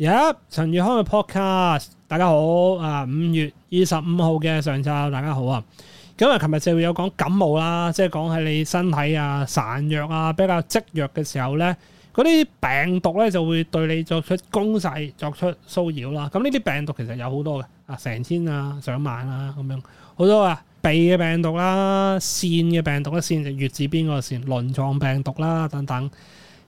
而、yeah，家陳宇康嘅 podcast，大家好啊！五月二十五號嘅上晝，大家好啊！今日琴日就會有講感冒啦，即係講係你身體啊孱弱啊比較積弱嘅時候呢，嗰啲病毒呢就會對你作出攻勢、作出騷擾啦。咁呢啲病毒其實有好多嘅啊，成千啊、上萬啦咁樣好多啊，鼻嘅病毒啦、啊、腺嘅病毒啦、啊，腺就月字邊嗰個腺、輪狀病毒啦、啊、等等。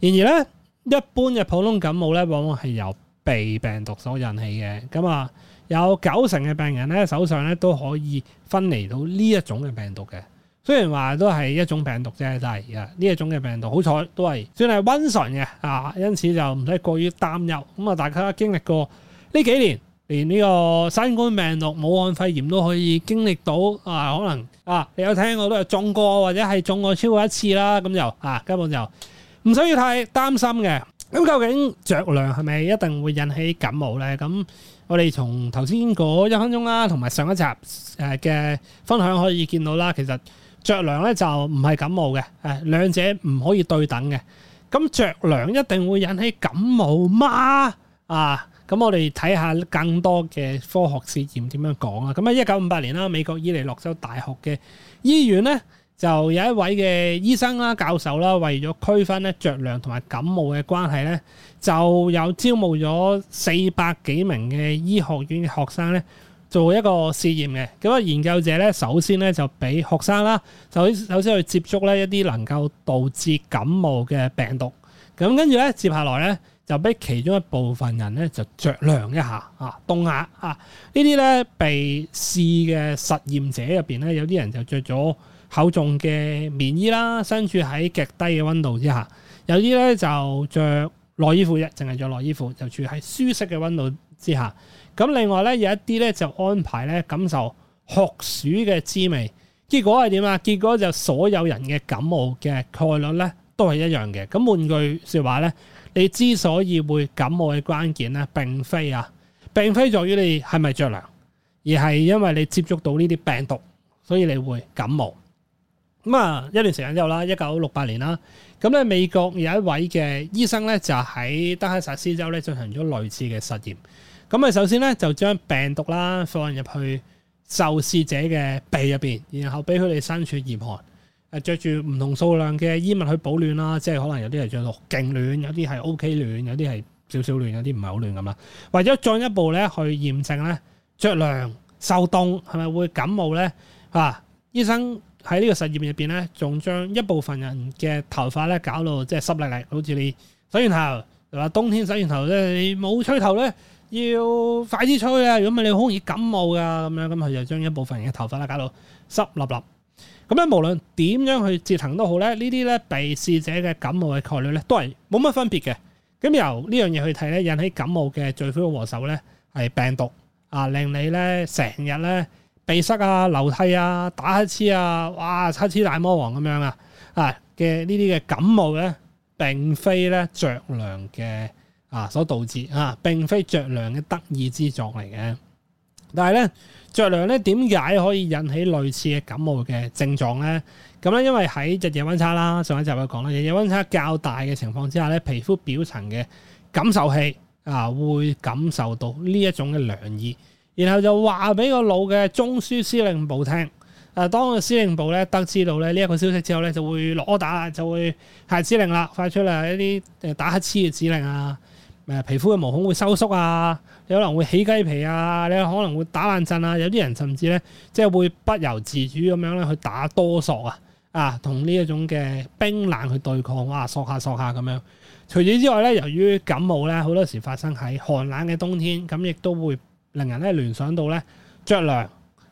然而呢，一般嘅普通感冒呢，往往係由被病毒所引起嘅，咁、嗯、啊有九成嘅病人咧手上咧都可以分離到呢一種嘅病毒嘅。雖然話都係一種病毒啫，但係啊呢一種嘅病毒，好彩都係，算係溫馴嘅啊，因此就唔使過於擔憂。咁、嗯、啊，大家經歷過呢幾年，連呢個新冠病毒、武漢肺炎都可以經歷到啊，可能啊，你有聽過都係中過或者係中過超過一次啦。咁就啊，根本就唔需要太擔心嘅。咁究竟着涼係咪一定會引起感冒咧？咁我哋從頭先嗰一分鐘啦，同埋上一集誒嘅分享可以見到啦，其實着涼咧就唔係感冒嘅，誒兩者唔可以對等嘅。咁着涼一定會引起感冒嗎？啊，咁我哋睇下更多嘅科學試驗點樣講啊。咁啊，一九五八年啦，美國伊利諾州大學嘅醫院咧。就有一位嘅醫生啦、教授啦，為咗區分咧著涼同埋感冒嘅關係咧，就有招募咗四百幾名嘅醫學院嘅學生咧，做一個試驗嘅。咁啊，研究者咧首先咧就俾學生啦，就首先去接觸咧一啲能夠導致感冒嘅病毒。咁跟住咧，接下來咧就俾其中一部分人咧就着涼一下啊，凍下啊。呢啲咧被試嘅實驗者入邊咧，有啲人就着咗。厚重嘅棉衣啦，身處喺極低嘅溫度之下，有啲咧就着內衣褲嘅，淨係着內衣褲就住喺舒適嘅溫度之下。咁另外咧有一啲咧就安排咧感受酷暑嘅滋味。結果係點啊？結果就所有人嘅感冒嘅概率，咧都係一樣嘅。咁換句說話咧，你之所以會感冒嘅關鍵咧，並非啊，並非在於你係咪着涼，而係因為你接觸到呢啲病毒，所以你會感冒。咁啊，一段時間之後啦，一九六八年啦，咁咧美國有一位嘅醫生咧，就喺德克薩斯州咧進行咗類似嘅實驗。咁啊，首先咧就將病毒啦放入去受試者嘅鼻入邊，然後俾佢哋身處嚴寒，誒著住唔同數量嘅衣物去保暖啦，即係可能有啲係着到勁暖，有啲係 OK 暖，有啲係少少暖，有啲唔係好暖咁啦。為咗進一步咧去驗證咧，着涼受凍係咪會感冒咧？啊，醫生。喺呢個實驗入邊咧，仲將一部分人嘅頭髮咧搞到即係濕粒粒，好似你洗完頭，話冬天洗完頭咧，你冇吹頭咧，要快啲吹啊！如果唔係你好易感冒噶。咁樣，咁佢就將一部分人嘅頭髮咧搞到濕粒粒。咁咧，無論點樣去折騰都好咧，呢啲咧被試者嘅感冒嘅概率咧都係冇乜分別嘅。咁由呢樣嘢去睇咧，引起感冒嘅罪魁禍首咧係病毒啊，令你咧成日咧。鼻塞啊、流涕啊、打乞嗤啊，哇！乞嗤大魔王咁樣的啊，啊嘅呢啲嘅感冒咧，並非咧着涼嘅啊所導致啊，並非着涼嘅得意之作嚟嘅。但係咧，着涼咧點解可以引起類似嘅感冒嘅症狀咧？咁、啊、咧，因為喺日夜溫差啦，上一集我講啦，日夜溫差較大嘅情況之下咧，皮膚表層嘅感受器啊，會感受到呢一種嘅涼意。然後就話俾個老嘅中樞司令部聽，啊，當個司令部咧得知到咧呢一個消息之後咧，就會攞打，就會下指令啦，發出嚟一啲打乞嗤嘅指令啊，誒，皮膚嘅毛孔會收縮啊，有可能會起雞皮啊，你可能會打冷震啊，有啲人甚至咧即係會不由自主咁樣咧去打哆嗦啊，啊，同呢一種嘅冰冷去對抗，啊，嗦下嗦下咁樣。除此之外咧，由於感冒咧，好多時發生喺寒冷嘅冬天，咁亦都會。令人咧聯想到咧着涼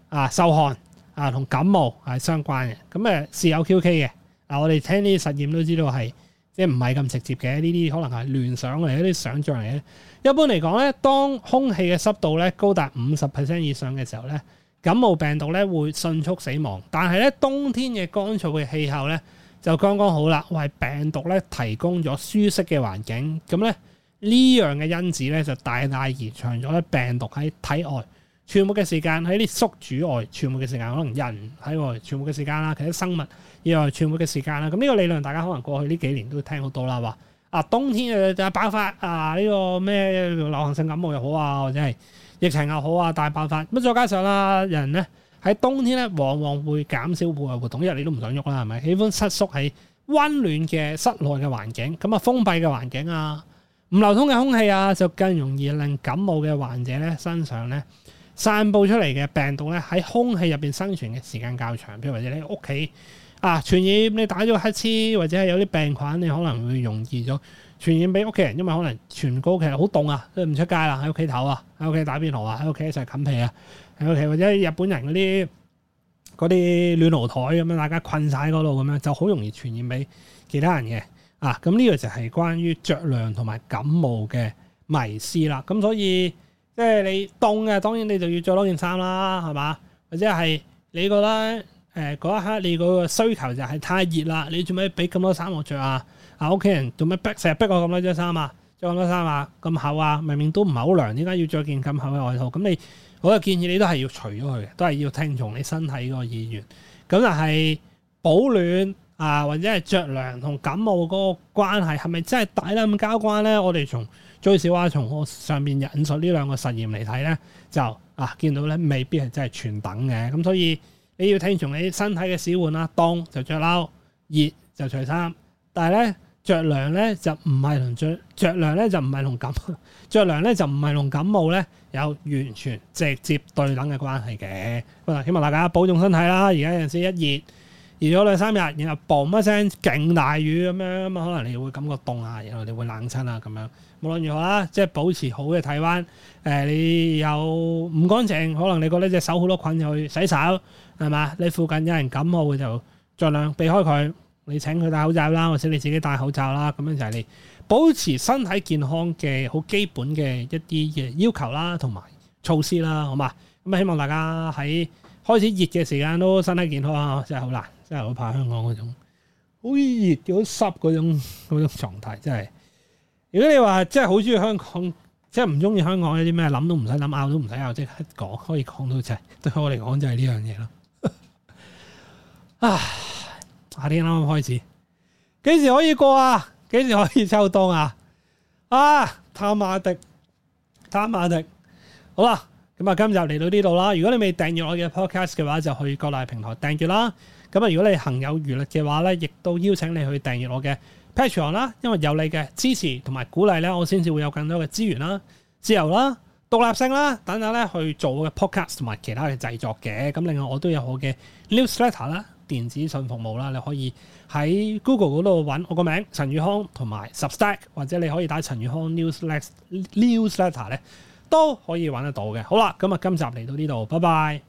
啊、受寒啊同感冒係相關嘅。咁誒是有 QK 嘅。我哋聽呢啲實驗都知道係即係唔係咁直接嘅。呢啲可能係聯想嚟，一啲想像嚟嘅。一般嚟講咧，當空氣嘅濕度咧高達五十 percent 以上嘅時候咧，感冒病毒咧會迅速死亡。但係咧冬天嘅乾燥嘅氣候咧就剛剛好啦，為病毒咧提供咗舒適嘅環境。咁咧。呢樣嘅因子咧，就大大延長咗病毒喺體外存活嘅時間，喺啲宿主外存活嘅時間，可能人喺外存活嘅時間啦，其實生物以外存活嘅時間啦。咁呢個理論，大家可能過去呢幾年都聽好多啦，話啊冬天嘅大、呃、爆發啊，呢、這個咩流行性感冒又好啊，或者係疫情又好啊，大爆發。咁再加上啦，人咧喺冬天咧，往往會減少戶外活動，因為你都唔想喐啦，係咪？喜歡失縮喺溫暖嘅室內嘅環境，咁啊封閉嘅環境啊。唔流通嘅空氣啊，就更容易令感冒嘅患者咧身上咧散佈出嚟嘅病毒咧喺空氣入邊生存嘅時間較長，譬如或者你屋企啊傳染你打咗乞嗤，或者係有啲病菌，你可能會容易咗傳染俾屋企人，因為可能全個其實好凍啊，即係唔出街啦，喺屋企唞啊，喺屋企打邊爐啊，喺屋企一齊冚被啊，喺屋企或者日本人嗰啲嗰啲暖爐台咁樣，大家困晒嗰度咁樣就好容易傳染俾其他人嘅。啊，咁呢個就係關於着涼同埋感冒嘅迷思啦。咁所以即係你凍嘅，當然你就要着多件衫啦，係嘛？或者係你覺得呃嗰一刻你嗰個需求就係太熱啦，你做咩俾咁多衫我着啊？啊屋企人做咩逼，成日逼我咁多張衫啊？着咁多衫啊，咁厚啊，明明都唔係好涼，點解要着件咁厚嘅外套？咁你我嘅建議，你都係要除咗佢，都係要聽從你身體嗰個意願。咁就係保暖。啊，或者係着涼同感冒嗰個關係係咪真係大得咁交關咧？我哋從最少啊，從我上面引述呢兩個實驗嚟睇咧，就啊見到咧未必係真係全等嘅。咁所以你要聽從你身體嘅使喚啦，凍就着褸，熱就除衫。但係咧着涼咧就唔係同著着涼咧就唔係同感冒，著涼咧就唔係同感冒咧有完全直接對等嘅關係嘅。咁希望大家保重身體啦。而家有陣時一熱。熱咗兩三日，然後嘣一聲，勁大雨咁樣，咁啊可能你會感覺凍啊，然後你會冷親啦，咁樣，無論如何啦，即係保持好嘅體溫。誒，你有唔乾淨，可能你覺得隻手好多菌，去洗手係嘛？你附近有人感冒嘅就盡量避開佢，你請佢戴口罩啦，或者你自己戴口罩啦，咁樣就係你保持身體健康嘅好基本嘅一啲嘅要求啦，同埋措施啦，好嘛？咁啊希望大家喺。開始熱嘅時間都身體健康啊，真係好難，真係好怕香港嗰種好熱又好濕嗰種嗰種狀態，真係。如果你話真係好中意香港，即係唔中意香港有啲咩諗都唔使諗，拗都唔使拗，即係講可以講到就係，對我嚟講就係呢樣嘢咯。 啊，夏天啱啱開始，幾時可以過啊？幾時可以秋冬啊？啊，探馬迪，探馬迪，好啦。咁啊，今日就嚟到呢度啦。如果你未訂閱我嘅 podcast 嘅話，就去各大平台訂閱啦。咁啊，如果你行有餘力嘅話咧，亦都邀請你去訂閱我嘅 patreon 啦。因為有你嘅支持同埋鼓勵咧，我先至會有更多嘅資源啦、自由啦、獨立性啦等等咧，去做我嘅 podcast 同埋其他嘅製作嘅。咁另外我都有我嘅 newsletter 啦，電子信服務啦，你可以喺 Google 嗰度揾我個名陳宇康同埋 Substack，或者你可以打陳宇康 newsletter，newsletter 咧 newsletter。都可以揾得到嘅。好啦，咁啊，今集嚟到呢度，拜拜。